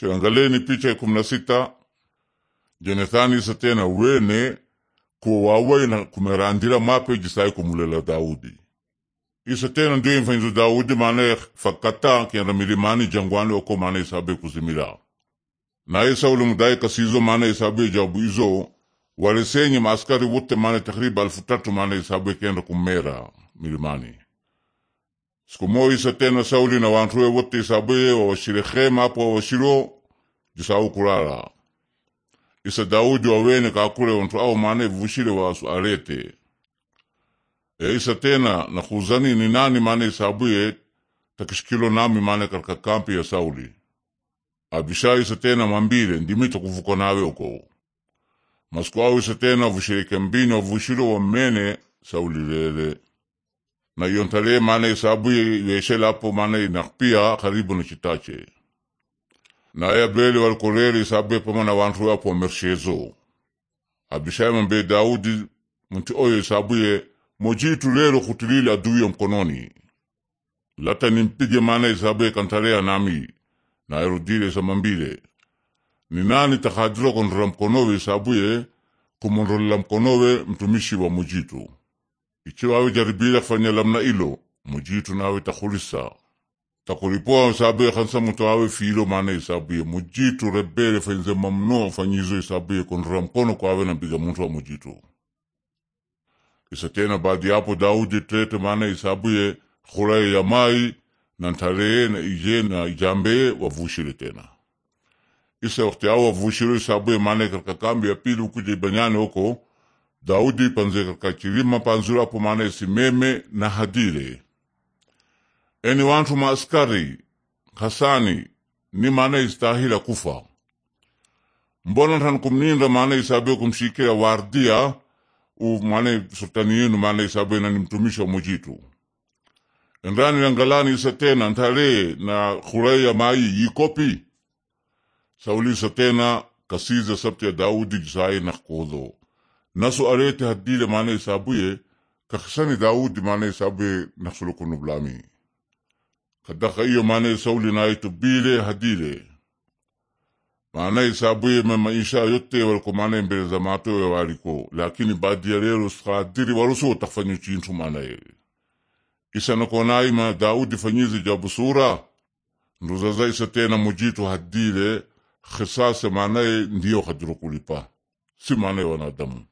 Chiangaleni picha ya kumi na sita Jonathani isa tena wene kuwa wawai na kumerandira mape jisai kumulela Daudi isa tena ndio mfanyizo Daudi maana fakata kianda milimani jangwani oko maana isabe kuzimira na isa ulumudai kasizo maana isabe jabu izo walesenye maaskari wote maana takriba alfu tatu maana isabe kenda kumera milimani Siku moisa tena Sauli na wantuwe wote isabuye wawashire hema apo wawashilo jisau kulala. Isa Daudi wawene kakule wantu au mane vushire wasu arete E isa tena na kuzani ni nani mane isabuye takishikilo nami mane katika kampi ya Sauli. Abisha isa tena mambire ndimito kuvuko nawe uko. Masiku au isa tena vushirike mbini wavushilo wa mene Sauli lele na iontale maana isabu iweshe lapo maana inakpia karibu na chitache naye abreli walikorere isabu pamo na wantu apo mershezo abishai mambe daudi mti oyo isabuye mojitu lero kutilile aduye mkononi lata nimpige maana isabuye kantalea nami naerudile samambile ni nani takadiro kondora mkonowe isabuye kumondrolela mkonowe mtumishi wa mojitu ikiwa awe jaribila kufanya lamna ilo mujitu nawe takhulisa takuripoa isabu ya kansa mtu awe filo maana isabu ya mujitu rebele fainze mamno fanyizo isabu ya kondora mkono kwawe na mpiga mtu wa mujitu isa tena baadi yapo daudi tete maana isabu ya khulaye ya mai na ntareye na ije na ijambeye wavushile tena isa wakti ao wavushile isabu ya maana katika kambi ya pili ukuja ibanyane huko Daudi panzekaka kilima panzirapo si meme na hadire eni wantu maaskari hasani ni mane istahila kufa mbona tan kumninda maana isabe kumshikila wardia u mane sultani yenu mane isabe na nimtumisha mujitu ndani ya ngalani isa tena ntale na khuraya mai yikopi sauli isa tena kasiza sabti ya daudi jisai na kudo naso arete hadile mane isabuye kakisani daudi mane isabuye nasulukunublami kadaka iyo mane isauli naito bile hadile mane isabuye memaisha yote waliko mane mbele za mato ya waliko lakini badia lelo skadiri waruso takfanyo chintu manaye isanakonaima daudi fanyizi jabusura nduzaza isa tena mujitu hadile khisase manaye ndiyo hadirukulipa si manaye wanadamu